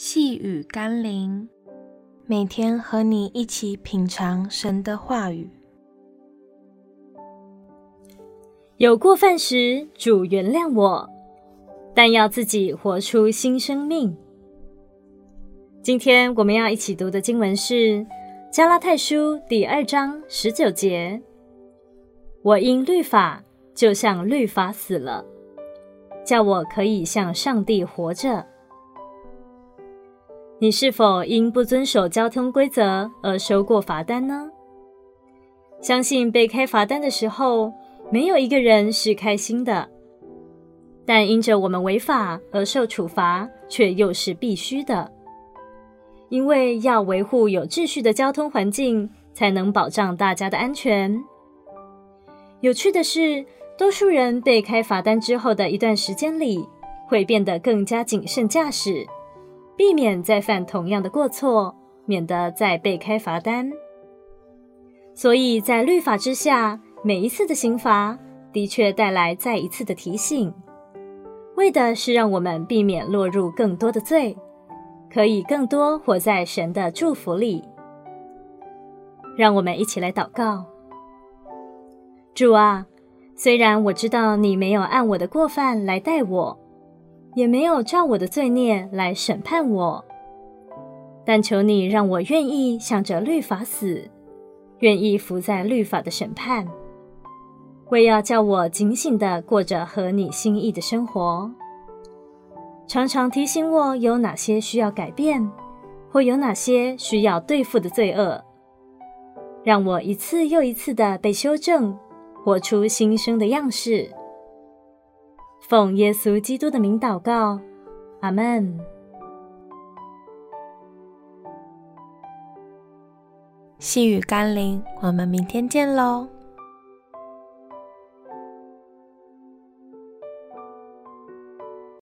細語甘霖，每天和你一起品嘗神的話語。有過犯時，主原諒我，但要自己活出新生命。今天我們要一起讀的經文是《加拉太書》第二章十九節：“我因律法，就像律法死了，叫我可以向上帝活着。”你是否因不遵守交通規則而收過罰單呢？相信被開罰單的時候，沒有一個人是開心的。但因着我們違法而受處罰，卻又是必須的，因為要維護有秩序的交通環境，才能保障大家的安全。有趣的是，多數人被開罰單之後的一段時間裡，會變得更加謹慎駕駛。避免再犯同樣的過錯，免得再被開罰單。所以在律法之下，每一次的刑罰的確帶來再一次的提醒，為的是讓我們避免落入更多的罪，可以更多活在神的祝福裡。讓我們一起來禱告：主啊，雖然我知道你沒有按我的過犯來待我。也沒有照我的罪孽來審判我，但求你讓我願意向着律法死，願意伏在律法的審判，為要叫我警醒地過着合你心意的生活，常常提醒我有哪些需要改變，或有哪些需要對付的罪惡，讓我一次又一次地被修正，活出新生的樣式。奉耶穌基督的名禱告，阿門。細語甘霖，我們明天見嘍。